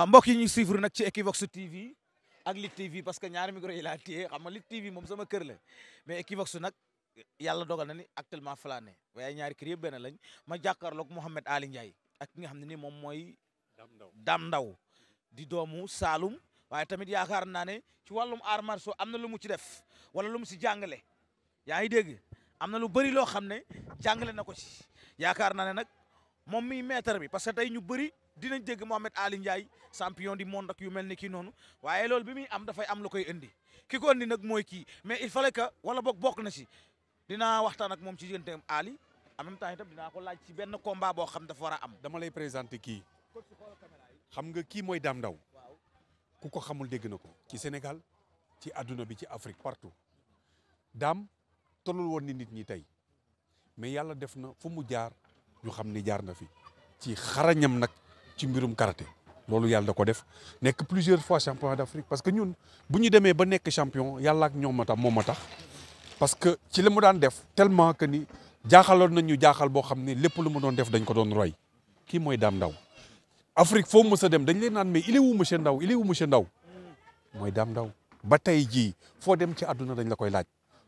Ah, mbokk yi ñu suivre nag ci Equivox TV ak Lit TV parce que ñaari micro yi laa téye xam nga Lit TV moom sama kër la mais Equivox nag yàlla dogal na ni actuellement flané waaye ñaari kër yëpp benn lañ ma jàkkaarloog Mouhamed Ali Ndiaye ak ki nga xam ne moom mooy. Ndaw Dame Ndaw di doomu Saalum waaye tamit yaakaar naa ne ci wàllum art martiaux am na lu mu ci def wala lu mu si jàngale yaa ngi dégg am na lu bëri loo xam ne jàngale na ko ci yaakaar naa ne nag moom mi maître bi parce dinañ dégg Mohamed Ali Ndiaye champion du monde ak yu mel ni kii noonu waaye loolu bi muy am dafay am lu koy indi ki ko indi nag mooy kii mais il fallait que wala boog bokk na si dinaa waxtaan ak moom ci digganteem Ali en même temps itam dinaa ko laaj ci benn combat boo xam dafa war a am. dama lay kii xam nga kii mooy Dame Ndao ku ko xamul dégg na ko ci Sénégal ci àdduna bi ci Afrique partout Dame tolul woon ni nit ñi tey mais yàlla def na fu mu jaar ñu xam ni jaar na fi ci xarañam nag. ci mbirum karaté loolu yàlla da ko def nekk plusieurs fois champion d'Afrique parce que ñun bu ñu demee ba nekk champion yàlla ak ñoom ma tax moom a tax parce que ci li mu daan def tellement que ni jaaxaloon nañ ñu jaaxal boo xam ne lépp lu mu doon def dañ ko doon roy kii mooy Dame Ndao Afrique foo mës a dem dañ leen naan mais il est où daw Ndao il est où monsieur Ndao mooy Dame Ndao ba tey jii foo dem ci àdduna dañ la koy laaj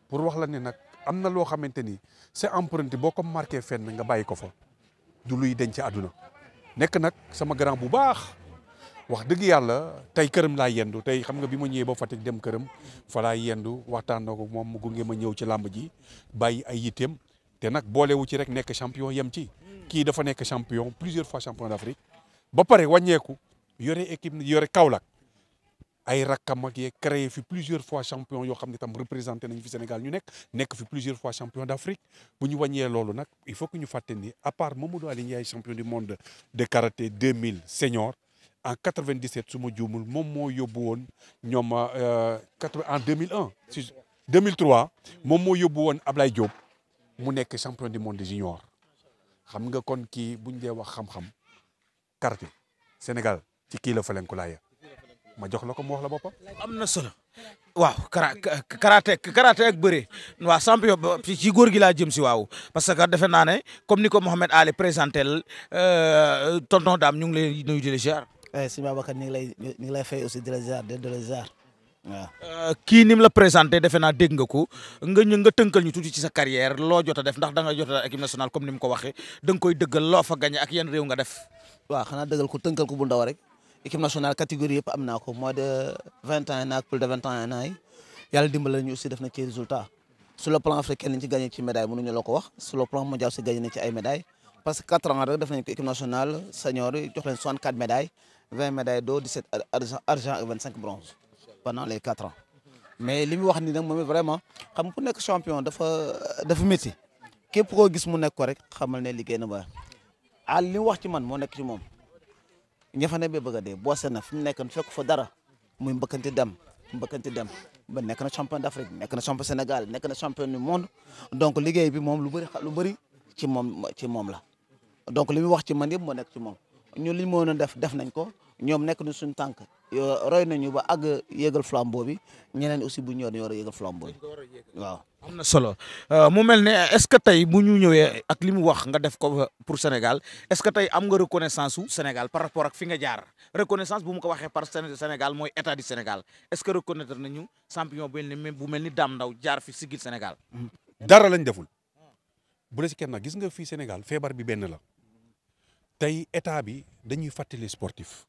pour wax la ne nag am na loo xamante ni c'est empreinte boo ko marqué fenn nga bàyyi ko fa du luy denc àdduna nekk nag sama grand bu baax wax dëgg yàlla tey këram laa yendu tey xam nga bi ma ñëwee ba Fatick dem këram fa laa yendu waxtaan na ko moom mu gunge ma ñëw ci làmb ji bàyyi ay yitteem te nag boolewu ci rek nekk champion yem ci kii dafa nekk champion plusieurs fois champion d'Afrique ba pare wàññeeku yore équipe yore Kaolack ay rakkam ak yee créé fi plusieurs fois champion yoo xam ne tam représenté nañ fi Sénégal ñu nekk nekk fi plusieurs fois champion d'Afrique bu ñu wàññee loolu nag il faut que ñu fàtte ni à part Mamadou Aly Ndiaye champion du monde de karaté 2000 senior en 97 su ma juumul moom moo yóbbu woon ñoom euh, en 2001 si 2003 moom moo yóbbu woon Ablaye Diop mu nekk champion du monde junior xam nga kon kii bu ñu dee wax xam-xam karaté Sénégal ci kii la Falenkulaaya ma jox la ko mu wax la boppam. am na solo waaw kara karaté karaté ak bëre waaw champion ci góor gi laa jëm si waaw parce que defe naa ne comme ni ko Mouhamed Ali présenté euh, tonton Dame ñu ngi lay nuyu di la ziar. Eh, sëñ Babacar ñu ngi lay ñu ngi lay fay aussi di la ziar di la ziar waaw. Euh, kii ni mu la présenté defe naa dégg nga ko nga ñu nga tënkal ñu tuuti ci sa carrière loo jot a def ndax da nga jot a équipe nationale comme ni mu ko waxee da nga koy dëggal loo fa gagné ak yan réew nga def. waaw xanaa dëggal ko tënkal ko bu ndaw rek. équipe nationale catégorie yëpp am naa ko moins de vingt ans naag plus de vingt ans naa yi yàlla dimbale ñu aussi def na ci résultat sur le plan africain liñ ci gagné ci médaille mënuñu la ko wax sur plan mondial aussi gagné ay médailles parce que quatre ans rek def nañ ko équipe nationale senior yi jox leen soixante quatre médailles vingt médailles d'or dix sept argent argent vingt cinq bronze pendant les quatre ans mais li mu wax nii nag moom vraiment xam ku nekk champion dafa dafa métti képp koo gis mu nekk rek xamal ne liggéey na ba ah li wax ci man moo nekk ci moom. ña fa ne ba bëgg a dee boose na fi mu nekkoon fekk fa dara muy mbëkkanti dem mbëkkanti dem ba nekk na champion d'Afrique nekk na champion Sénégal nekk na champion du monde donc liggéey bi moom lu bëri lu bëri ci moom ci moom la donc li muy wax ci man yëpp moo nekk ci moom ñun li ñu mënoon def def nañ ko ñoom nekk na suñu tànk roy nañu ba àgg yéegal flambeau bi ñeneen aussi bu ñu yor yor yéegal flambeau bi waaw. Euh, mu mel ne est-ce que tey bu ñu ñëwee ak li mu wax nga def ko pour Sénégal est-ce que tey am nga reconnaissance su Sénégal par rapport ak fi nga jaar reconnaissance bu mu ko waxee par Sénégal mooy état du Sénégal est-ce que reconnaître nañu champion bu bu mel ni Dame Ndao jaar fi sigil Sénégal. dara lañ deful bu la si kenn nag gis nga fii Sénégal feebar bi benn la tey état bi dañuy fàttali sportif.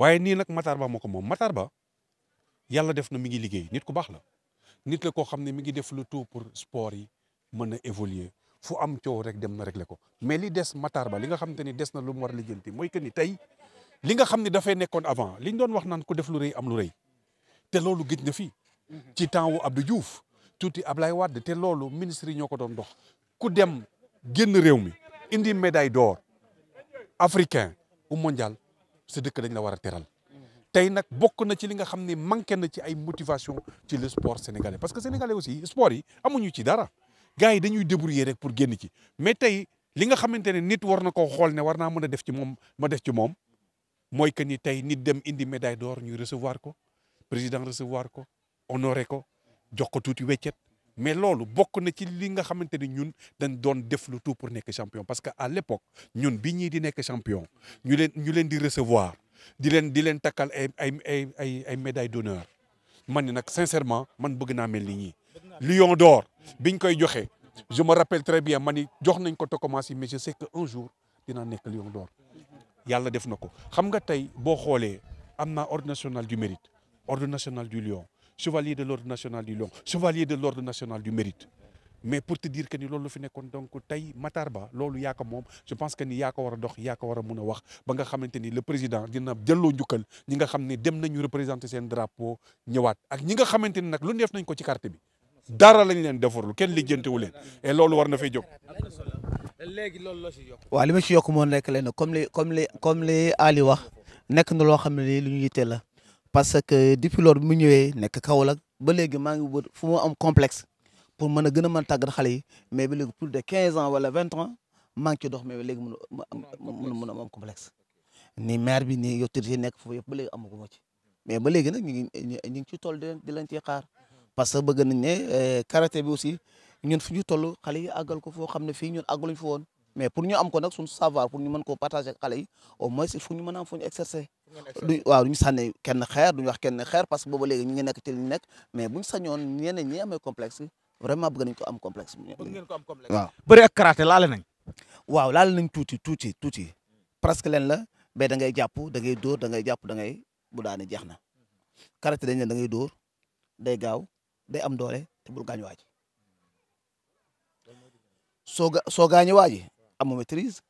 waaye nii nag Matar Ba moo ko moom Matar Ba yàlla def na mi ngi liggéey nit ku baax la nit la koo xam ne mi ngi def lu tout pour sport yi mën a évoluer fu am coow rek dem na régler ko mais li des Matar Ba li nga xam ni des na lu mu war a lijjanti mooy que ni tey li nga xam ne dafay nekkoon avant liñ doon wax naan ku def lu rëy am lu rëy te loolu gëj na fi mhm. ci temps wu Abdou Diouf tuuti Ablaye Wade te loolu ministre yi ñoo ko doon dox ku dem génn réew mi indi médaille d'or africain ou mondial sa dëkk dañ la war a teral tey nag bokk na ci li nga xam ne manqué na ci ay motivation ci le sport sénégalais parce que sénégalais aussi sport yi ñu ci dara gars yi dañuy débrouiller rek pour génn ci mais tey li nga xamante ne nit war na ko xool ne war naa mën a def ci moom ma def ci moom mooy que ni tey nit dem indi médaille door ñuy recevoir ko président recevoir ko honoré ko jox ko tuuti weccet mais loolu bokk na ci li nga xamante ni ñun dañ doon def lu tout pour nekk champion parce que à l'époque ñun bi ñii di nekk champion ñu leen ñu leen di recevoir di leen di leen takkal ay ay ay ay ay médaille d'honneur man ni nag sincèrement man bëgg naa mel ni ñii Lion d'or biñ koy joxe je me rappelle très bien man ni jox nañ ko Tocomasi mais je sais que un jour dinaa nekk Lion d'or yàlla def na ko xam nga tey boo xoolee am naa ordre du mérite ordre national du lion chevalier de l'ordre national du Lion chevalier de l'ordre national du Mérite mais pour te dire que ni loolu fi nekkoon donc tey Matar Ba loolu yaa moom je pense que ni yaa ko a dox yaa ko war a a wax ba nga xamante ni le président dina jëlloo njukkal ñi nga xam ne dem nañu représenter seen drapeau ñëwaat ak ñi nga xamante ni nag lu def nañ ko ci carte bi dara lañ leen defarul kenn lijjantiwu leen et loolu war na fay jóg. loolu la si yokk. waaw ma si yokk moom rek lenn comme li comme li comme li Ali wax nekk na loo xam ne lu ñu yitte parce que depuis loolu bi mu ñëwee nekk Kaolack ba léegi maa ngi wër fu mu am complexe pour mën a gën a mën tàggat xale yi mais ba léegi plus de quinze ans wala vingt ans maa ngi ci dox mais ba léegi mënu mën am complexe ni maire bi ni autorité nekk foofu yëpp ba am amagu ma ci mais ba léegi nag ñu ngi ñu ngi ci tool di leen di xaar parce que bëgg nañ ne eh, karaté bi aussi ñun fu ñu toll xale yi àggal ko foo xam ne fii ñun àggaluñ fa woon mais pour ñu am ko nag suñu savoir pour ñu mën ko partager ak xale yi au moins il faut ñu mën a am fu ñu exercer duñ waaw duñu sànne kenn xeer ñu wax kenn xeer parce que booba léegi ñu ngi nekk ci li ñu nekk mais buñ sañoon ñeneen ñi amee complexe vraiment bëgg nañ ko am complexe waaw bëri ak karaté laale nañ waaw laale nañ tuuti tuuti tuuti presque leen la mais da ngay jàpp da ngay dóor da ngay jàpp da ngay bu daane jeex na karaté dañ ne da ngay dóor day gaaw day am doole te bul gaañ waaji soo soo gaañu waaji amul maîtrise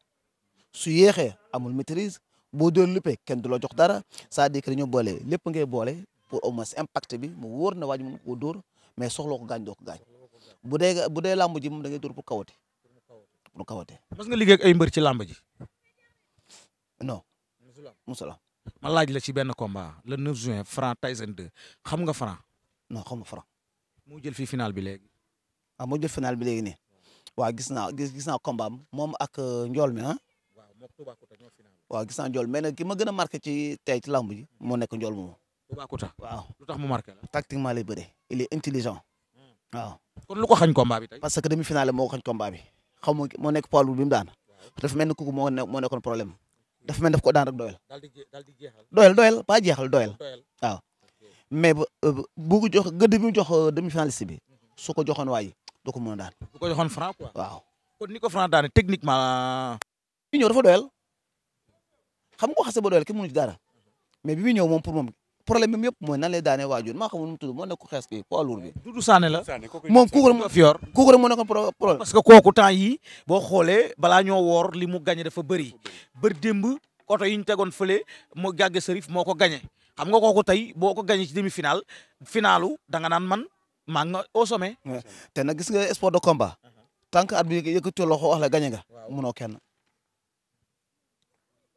su yéexee amul maîtrise boo doon luppee kenn du la jox dara c'est-à-dire que dañoo boole lépp ngay boole pour au moins impact bi mu wóor na waaj mu ko dóor mais soxla ko gaañ doo ko gaañ bu dee bu dee làmb ji moom da ngay dóor pour kawate pour kawate. mas nga liggée ak ay mbër ci làmb ji. non. musala ma laaj la ci benn combat le 9 juin Franc Tyson 2 xam nga Franc. non xam nga Franc. moo jël fii final bi léegi. ah moo jël final bi léegi nii. waa gis naa gis gis naa combat am moom ak euh, njool mi ah. waaw gis naa njool mais nag ki ma gën a marqué ci tey ci lamb moo nekk njool moomu. Toubacouta waaw lu tax mu marqué la. tactiquement lay bëree il est intelligent hmm. waaw. kon lu ko xañ combat bi parce que demi finale moo ko xañ combat moo nekk poids lourd bi daan dafa mel ne moo problème dafa mel ni daf ko daan rek doyal. daal di jeexal doyal doyal pas jeexal doyal waaw. mais bu euh, bu jox gëdd bi mu euh, demi finaliste bi hmm. su ko joxoon waa du ko mën a daan. du ko joxoon waaw kon ni ko franc daane techniquement. bi ñëw dafa doyal xam nga ko xase ba doyal kenn mënu ci dara mais bi muy ñëw moom pour moom problème bi yëpp mooy nan lay daane waajur ma xamul nu mu tudd moo nekk xees bi poids lourd bi. Doudou Sané la moom kooku la fiyor kooku rek ko nekkoon problème. parce que kooku temps yi boo xoolee balaa ñoo woor li mu gagné dafa bëri bër démb oto yi ñu tegoon fële moo gàgge sërif moo ko gagné xam nga kooku tey boo ko gagné ci demi final finalu da naan man ma nga au sommet. te nag gis nga sport de combat. tant que at bi yëkkati loxo wax la gañe nga. munoo kenn.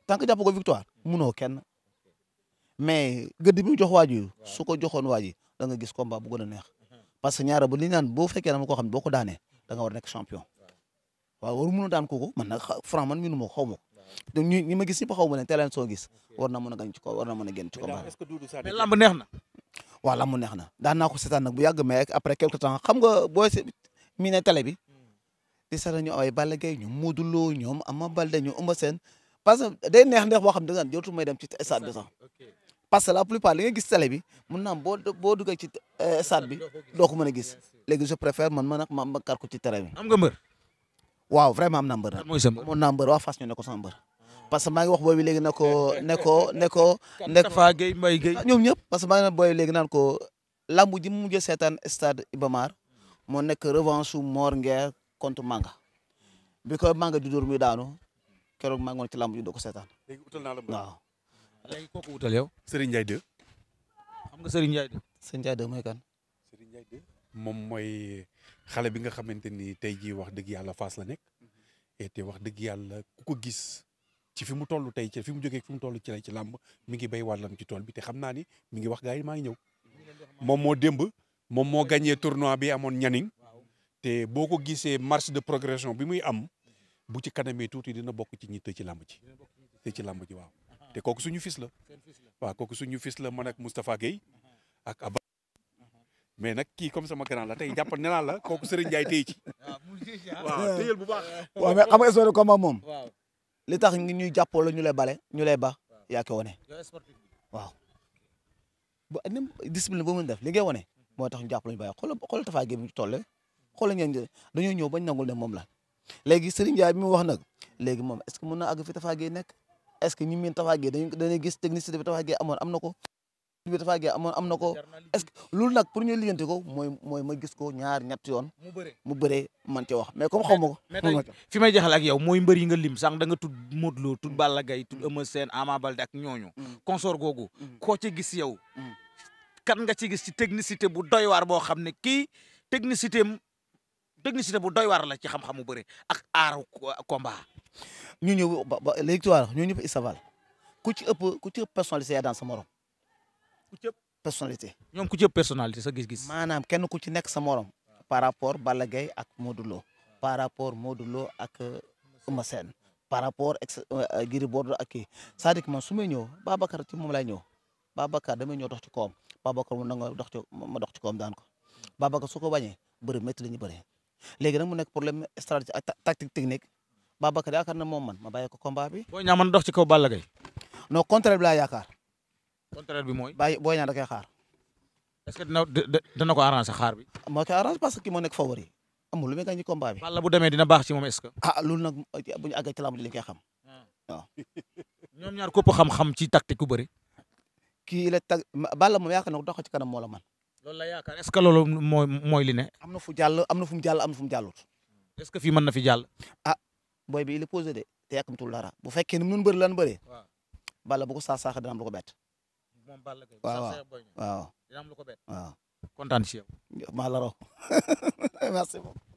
tant que jàpp ko victoire munoo kenn. mais gëdd bi mu jox waa ji su ko joxoon gis combat bu a neex. parce ñaara ba li ñu naan boo fekkee dama ko xam ne boo ko daanee da nga war a nekk champion. waaw waru mën a daan kooku man nag franc man minu ma ko xaw ma ko. donc ñi ma gis ñëpp xaw ma ne teeleen soo gis war na a gañ ci ko war a génn neex na. waaw mu neex na daan naa ko seetaan nag bu yàgg mais après quelque temps xam nga boo mi ne télé bi hmm. di seetaan ñu ay Balla Gaye ñu Modou Lo ñoom Ama Baldé ñu Eumeu Sène parce que day neex neex boo xam da nga jotu may dem ci stade bi sax parce que la plupart li nga gis télé bi mun naa am boo boo duggee ci eh, stade bi doo ko mën gis léegi je préfère man ma nag ma kàr ko ci terrain bi. am nga mbër. waaw vraiment am naa mbër nag. mooy sa mbër waa Fass ñu ne ko sama parce que maa ngi wax booy bi léegi na ko ne ko ne ko. nekk ñoom ñëpp parce que maa ngi leen booy bi ko lambu ji mu mujj seetaan stade Iba Mar moo nekk revanche su Mor Nguer contre Manga bi ko Manga di dóor muy daanu keroog maa ngi woon ci lambu ji doo ko seetaan. léegi utal naa la waaw. léegi nga Serigne Ndiaye 2. Serigne mooy kan. moom mooy xale bi nga xamante ni tey jii wax dëgg yàlla Fass la nekk. te wax dëgg yàlla ku ko gis. ci fi mu toll tey ci fi mu jógee fi mu toll ci lay ci làmb mi ngi béy wàllam ci tool bi te xam naani ni mi ngi wax gars yi maa ngi ñëw moom moo démb moom moo gagné tournoi bi amoon ñaning te boo ko gisee marché de progression bi muy am bu ci kanamee tuuti dina bokk ci ñi te ci làmb ci ci làmb ji waaw te kooku suñu fils la waaw kooku suñu fils la man ak Moustapha mais nag kii comme sama grand la tey jàpp ne la kooku Serigne Ndiaye tey ci ah, ah. waaw mais xam nga histoire moom li tax ngi ñuy jàpp wala ñu lay bale ñu lay ba yaa ko wane waaw bu même discipline boo mën def li ngay wone moo tax ñu jàpp lañu bàyyi xoolal xoolal Tapha Guèye bi ñu toll xoolal ngeen dañoo ñëw bañ nangul ne moom la léegi Serigne Ndiaye bi mu wax nag léegi moom est-ce que mën na àgg fi Tapha Guèye nekk est-ce que ñu miin Tapha Guèye dañuy gis technicité bi Tapha amoon am na ko bi Tapha Gueye amoon am na ko est-ce nag pour ñu lijjanti ko mooy mooy ma gis ko ñaar ñett yoon mu bëree man ci wax mais comme xaw ma ko mais fi may jeexal ak yow mooy mbër yi nga lim sànq da nga tudd Modou Lo tudd Balla Gaye tudd Eumeu Sène Ama Baldé ak ñooñu mm. Mm. consort googu mm. koo ci gis yow kan nga ci gis ci technicité bu doy waar boo xam ne kii technicité technicité bu doy waar la ci xam mu bëri ak aaru combat ñu ñëw ba léegi tu vois ñu ñëpp ku ci ëpp ku ci ëpp personnalisé daan sa morom ku ci ëpp personnalité. ñoom ku ci ëpp personnalité sa gis-gis. maanaam kenn ku ci nekk sa morom. par rapport Balla Gaye ak Modou Lo. par rapport Modou Lo ak euh, Eumeu Sène. par rapport ex euh, Gris Bordeaux ak kii c'est-à-dire que man su may ñëw Babacar ci moom lay ñëw Babacar damay ñëw dox koom Babacar mu nangoo dox ci ma dox ci koom daan ko Babacar su ko bañee na moom man ma bàyyi ko combat bi. boo ñaax man dox ci Balla Gaye. non contraire bi laa contraire bi mooy. bàyyi booy ñaa da koy xaar. est-ce que ko arrangé xaar bi. moo koy arrangé parce que ki moo nekk favori amul lu muy gagné combat Balla bu demee dina baax ci moom est-ce que. ah loolu nag bu ñu àggee ci lamb ji xam. Ah. xam-xam ci tactique ku bëri. kii la tag Balla moom yaakaar na dox ci kanam moo man loolu la yaakaar est-ce mooy mooy li ne. jàll am na mu jàll am na mu jàllut. est-ce que fii mën na fi jàll. Ah, booy bi il est posé dara bu fekkee ni mu doon bëri lan bëree. waaw Balla bu ko saax ko bett. moom Balla Gaye waaw waaw waaw dina am ko bett kontaan ci yow maa la raw